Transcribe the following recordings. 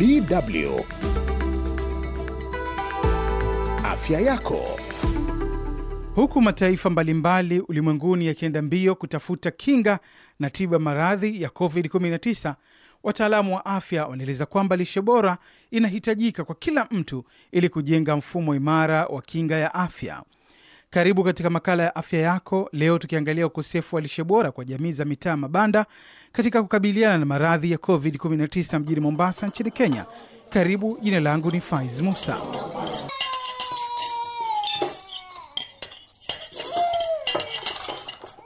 DW Afya yako. Huku mataifa mbalimbali ulimwenguni yakienda mbio kutafuta kinga na tiba maradhi ya COVID-19, wataalamu wa afya wanaeleza kwamba lishe bora inahitajika kwa kila mtu ili kujenga mfumo imara wa kinga ya afya. Karibu katika makala ya afya yako leo, tukiangalia ukosefu wa lishe bora kwa jamii za mitaa mabanda katika kukabiliana na maradhi ya COVID-19 mjini Mombasa nchini Kenya. Karibu, jina langu ni Faiz Musa.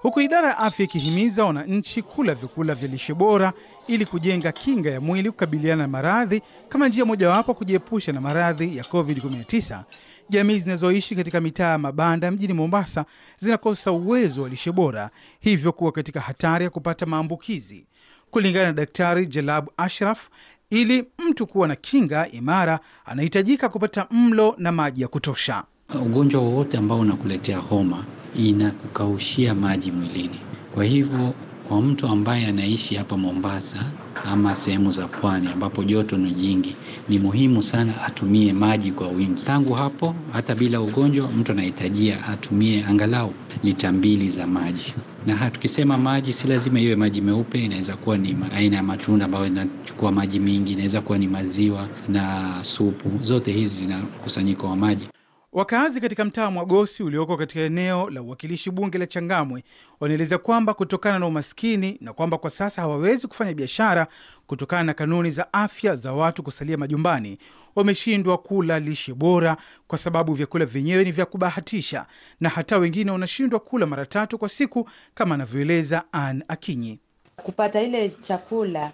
Huku idara ya afya ikihimiza wananchi kula vyakula vya lishe bora ili kujenga kinga ya mwili kukabiliana na maradhi kama njia mojawapo kujiepusha na maradhi ya COVID-19, jamii zinazoishi katika mitaa ya mabanda mjini Mombasa zinakosa uwezo wa lishe bora, hivyo kuwa katika hatari ya kupata maambukizi. Kulingana na Daktari Jelabu Ashraf, ili mtu kuwa na kinga imara anahitajika kupata mlo na maji ya kutosha. Ugonjwa wowote ambao unakuletea homa inakukaushia maji mwilini, kwa hivyo kwa mtu ambaye anaishi hapa Mombasa ama sehemu za pwani ambapo joto ni jingi, ni muhimu sana atumie maji kwa wingi. Tangu hapo, hata bila ugonjwa, mtu anahitajia atumie angalau lita mbili za maji. Na tukisema maji, si lazima iwe maji meupe. Inaweza kuwa ni aina ya matunda ambayo inachukua maji mingi, inaweza kuwa ni maziwa na supu. Zote hizi zina mkusanyiko wa maji. Wakazi katika mtaa wa Mwagosi ulioko katika eneo la uwakilishi bunge la Changamwe wanaeleza kwamba kutokana na umaskini na kwamba kwa sasa hawawezi kufanya biashara kutokana na kanuni za afya za watu kusalia majumbani, wameshindwa kula lishe bora kwa sababu vyakula vyenyewe ni vya kubahatisha, na hata wengine wanashindwa kula mara tatu kwa siku, kama anavyoeleza Ann Akinyi. Kupata ile chakula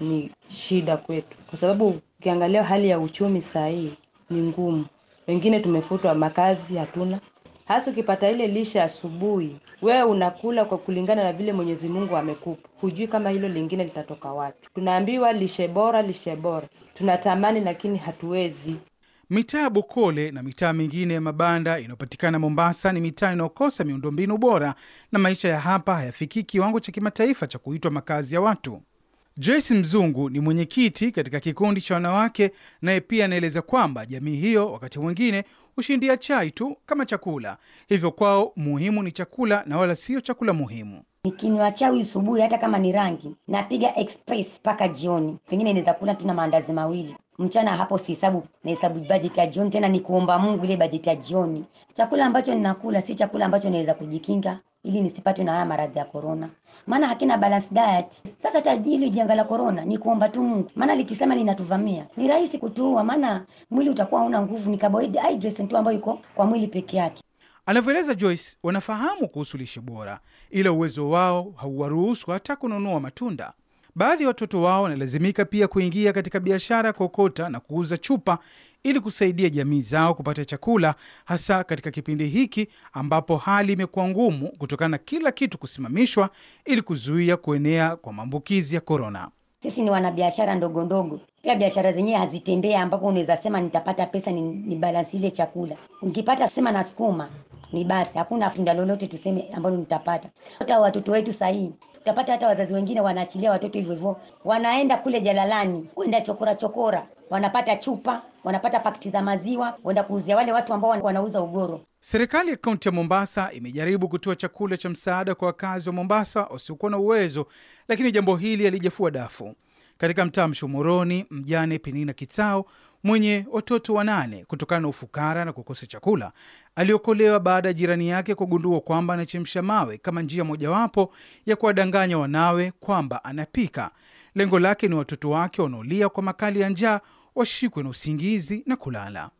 ni shida kwetu, kwa sababu ukiangalia hali ya uchumi saa hii ni ngumu wengine tumefutwa makazi, hatuna hasa. Ukipata ile lishe asubuhi, wewe unakula kwa kulingana na vile Mwenyezi Mungu amekupa, hujui kama hilo lingine litatoka wapi. Tunaambiwa lishe bora, lishe bora, tunatamani lakini hatuwezi. Mitaa ya Bokole na mitaa mingine ya mabanda inayopatikana Mombasa ni mitaa inayokosa miundombinu bora na maisha ya hapa hayafikii kiwango cha kimataifa cha kuitwa makazi ya watu. Joyce Mzungu ni mwenyekiti katika kikundi cha wanawake, naye pia anaeleza kwamba jamii hiyo wakati mwingine hushindia chai tu kama chakula, hivyo kwao muhimu ni chakula na wala sio chakula muhimu. Nikinywa chai asubuhi, hata kama ni rangi, napiga express mpaka jioni, pengine naweza kula tuna maandazi mawili mchana hapo sihesabu, nahesabu bajeti ya jioni, tena ni kuomba Mungu ile bajeti ya jioni. Chakula ambacho ninakula si chakula ambacho naweza kujikinga ili nisipatwe na haya maradhi ya korona, maana hakina balance diet. Sasa tajili janga la korona ni kuomba tu Mungu, maana likisema linatuvamia ni rahisi kutuua, maana mwili utakuwa hauna nguvu, ni carbohydrates tu ambayo iko kwa mwili peke yake. Anavyoeleza Joyce, wanafahamu kuhusu lishe bora, ila uwezo wao hauwaruhusu hata kununua matunda. Baadhi ya watoto wao wanalazimika pia kuingia katika biashara ya kuokota na kuuza chupa ili kusaidia jamii zao kupata chakula, hasa katika kipindi hiki ambapo hali imekuwa ngumu kutokana na kila kitu kusimamishwa ili kuzuia kuenea kwa maambukizi ya korona. Sisi ni wanabiashara ndogo ndogo, pia biashara zenyewe hazitembea ambapo unaweza sema nitapata pesa ni, ni balansi ile chakula. Nikipata sema na sukuma ni basi, hakuna tunda lolote tuseme ambalo nitapata. Hata watoto wetu sahii utapata hata wazazi wengine wanaachilia watoto hivyo hivyo, wanaenda kule jalalani kwenda chokora chokora, wanapata chupa, wanapata pakiti za maziwa, wenda kuuzia wale watu ambao wanauza ugoro. Serikali ya kaunti ya Mombasa imejaribu kutoa chakula cha msaada kwa wakazi wa Mombasa wasiokuwa na uwezo, lakini jambo hili halijafua dafu. Katika mtaa mshumuroni mjane Penina Kitao mwenye watoto wanane kutokana na ufukara na kukosa chakula aliokolewa baada ya jirani yake kugundua kwamba anachemsha mawe kama njia mojawapo ya kuwadanganya wanawe kwamba anapika. Lengo lake ni watoto wake wanaolia kwa makali ya njaa washikwe na usingizi na kulala.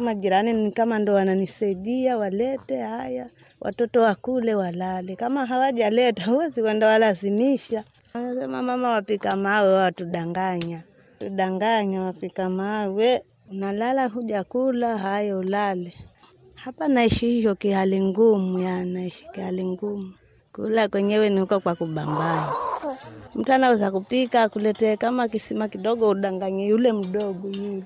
Majirani ni kama ndo wananisaidia, walete haya watoto wakule walale. Kama hawajaleta huwezi kwenda walazimisha. Anasema mama wapika mawe watudanganya Danganya wafika mawe unalala huja kula haya ulale hapa. Naishi hiyo kihali ngumu, ya naishi kihali ngumu. Kula kwenyewe ni huko kwa kubambana, mtu anaweza kupika akuletee kama kisima kidogo, udanganye yule mdogo yule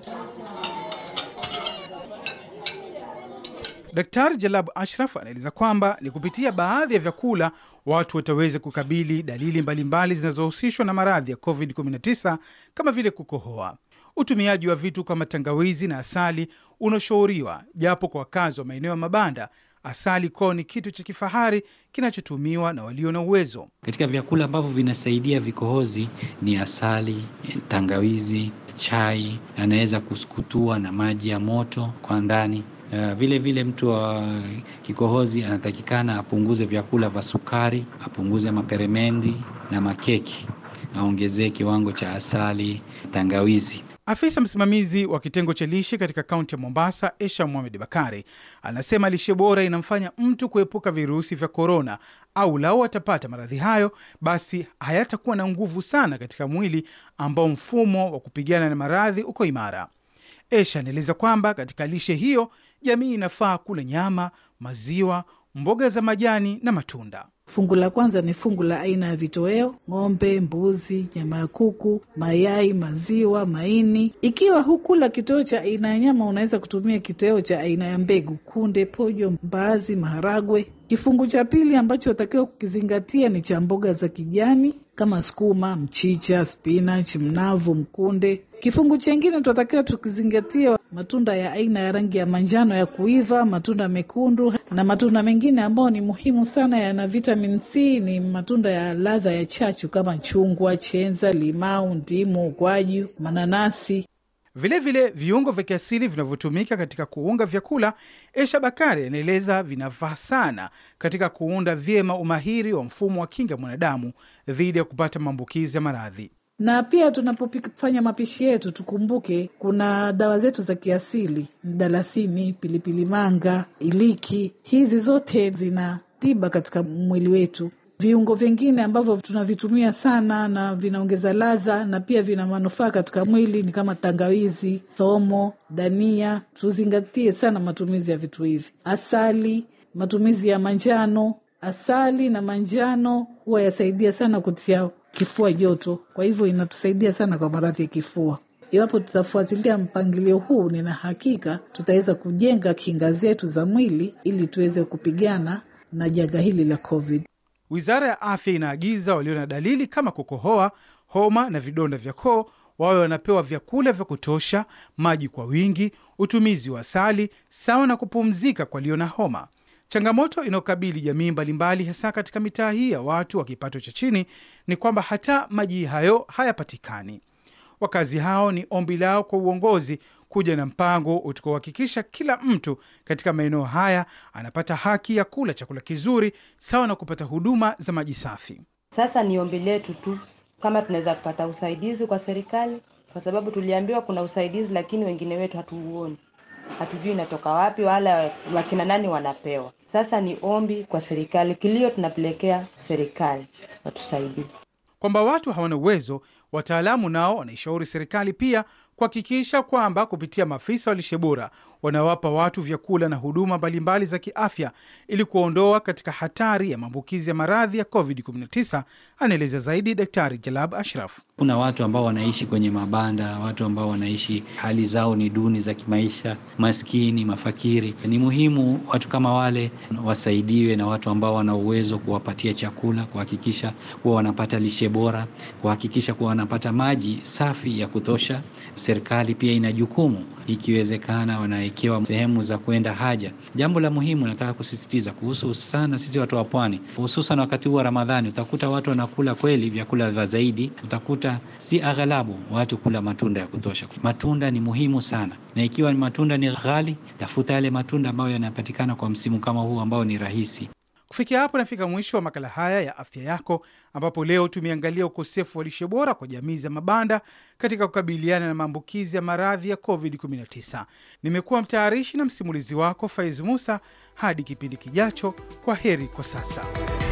Daktari Jalabu Ashraf anaeleza kwamba ni kupitia baadhi ya vyakula watu wataweza kukabili dalili mbalimbali zinazohusishwa na maradhi ya COVID-19 kama vile kukohoa. Utumiaji wa vitu kama tangawizi na asali unashauriwa, japo kwa wakazi wa maeneo ya mabanda asali koo ni kitu cha kifahari kinachotumiwa na walio na uwezo. Katika vyakula ambavyo vinasaidia vikohozi ni asali, tangawizi, chai, anaweza kusukutua na maji ya moto kwa ndani. Eh, vile vile mtu wa kikohozi anatakikana apunguze vyakula vya sukari, apunguze maperemendi na makeki, aongezee kiwango cha asali, tangawizi. Afisa msimamizi wa kitengo cha lishe katika kaunti ya Mombasa, Esha muhamed Bakari, anasema lishe bora inamfanya mtu kuepuka virusi vya korona, au lau atapata maradhi hayo, basi hayatakuwa na nguvu sana katika mwili ambao mfumo wa kupigana na maradhi uko imara. Esha anaeleza kwamba katika lishe hiyo jamii inafaa kula nyama, maziwa, mboga za majani na matunda. Fungu la kwanza ni fungu la aina ya vitoweo: ng'ombe, mbuzi, nyama ya kuku, mayai, maziwa, maini. Ikiwa hukula kitoweo cha aina ya nyama, unaweza kutumia kitoweo cha aina ya mbegu: kunde, pojo, mbaazi, maharagwe. Kifungu cha pili ambacho unatakiwa kukizingatia ni cha mboga za kijani kama sukuma, mchicha, spinach, mnavu, mkunde. Kifungu chengine tunatakiwa tukizingatia matunda ya aina ya rangi ya manjano ya kuiva, matunda mekundu na matunda mengine ambayo ni muhimu sana, yana vitamin C, ni matunda ya ladha ya chachu kama chungwa, chenza, limau, ndimu, ukwaju, mananasi. Vilevile vile, viungo vya kiasili vinavyotumika katika kuunga vyakula, Esha Bakari anaeleza vinafaa sana katika kuunda vyema umahiri wa mfumo wa kinga mwanadamu dhidi ya kupata maambukizi ya maradhi na pia tunapofanya mapishi yetu tukumbuke kuna dawa zetu za kiasili, mdalasini, pilipili manga, iliki. Hizi zote zina tiba katika mwili wetu. Viungo vingine ambavyo tunavitumia sana na vinaongeza ladha na pia vina manufaa katika mwili ni kama tangawizi, thomo, dania. Tuzingatie sana matumizi ya vitu hivi. Asali, matumizi ya manjano. Asali na manjano huwa yasaidia sana kutia kifua joto, kwa hivyo inatusaidia sana kwa maradhi ya kifua. Iwapo tutafuatilia mpangilio huu, nina hakika tutaweza kujenga kinga zetu za mwili ili tuweze kupigana na janga hili la COVID. Wizara ya Afya inaagiza walio na dalili kama kukohoa, homa na vidonda vya koo wawe wanapewa vyakula vya kutosha, maji kwa wingi, utumizi wa asali sawa na kupumzika kwa na homa. Changamoto inayokabili jamii mbalimbali, hasa katika mitaa hii ya watu wa kipato cha chini, ni kwamba hata maji hayo hayapatikani. Wakazi hao ni ombi lao kwa uongozi kuja na mpango utakaohakikisha kila mtu katika maeneo haya anapata haki ya kula chakula kizuri sawa na kupata huduma za maji safi. Sasa ni ombi letu tu kama tunaweza kupata usaidizi kwa serikali, kwa sababu tuliambiwa kuna usaidizi, lakini wengine wetu hatuuoni, hatujui inatoka wapi wala wakina nani wanapewa. Sasa ni ombi kwa serikali, kilio tunapelekea serikali watusaidie. Kwamba watu hawana uwezo, wataalamu nao wanaishauri serikali pia kuhakikisha kwamba kupitia maafisa wa lishe bora wanawapa watu vyakula na huduma mbalimbali za kiafya ili kuondoa katika hatari ya maambukizi ya maradhi ya COVID-19. Anaeleza zaidi Daktari Jalab Ashraf. Kuna watu ambao wanaishi kwenye mabanda, watu ambao wanaishi hali zao ni duni za kimaisha, maskini, mafakiri. Ni muhimu watu kama wale wasaidiwe na watu ambao wana uwezo kuwapatia chakula, kuhakikisha kuwa wanapata lishe bora, kuhakikisha kuwa wanapata maji safi ya kutosha serikali pia ina jukumu, ikiwezekana wanawekewa sehemu za kwenda haja. Jambo la muhimu nataka kusisitiza kuhusu sana sisi watu wa pwani, hususan wakati huu wa Ramadhani, utakuta watu wanakula kweli vyakula vya zaidi, utakuta si aghalabu watu kula matunda ya kutosha. Matunda ni muhimu sana, na ikiwa matunda ni ghali, tafuta yale matunda ambayo yanapatikana kwa msimu kama huu ambao ni rahisi. Kufikia hapo nafika mwisho wa makala haya ya afya yako, ambapo leo tumeangalia ukosefu wa lishe bora kwa jamii za mabanda katika kukabiliana na maambukizi ya maradhi ya COVID-19. Nimekuwa mtayarishi na msimulizi wako Faiz Musa. Hadi kipindi kijacho, kwa heri kwa sasa.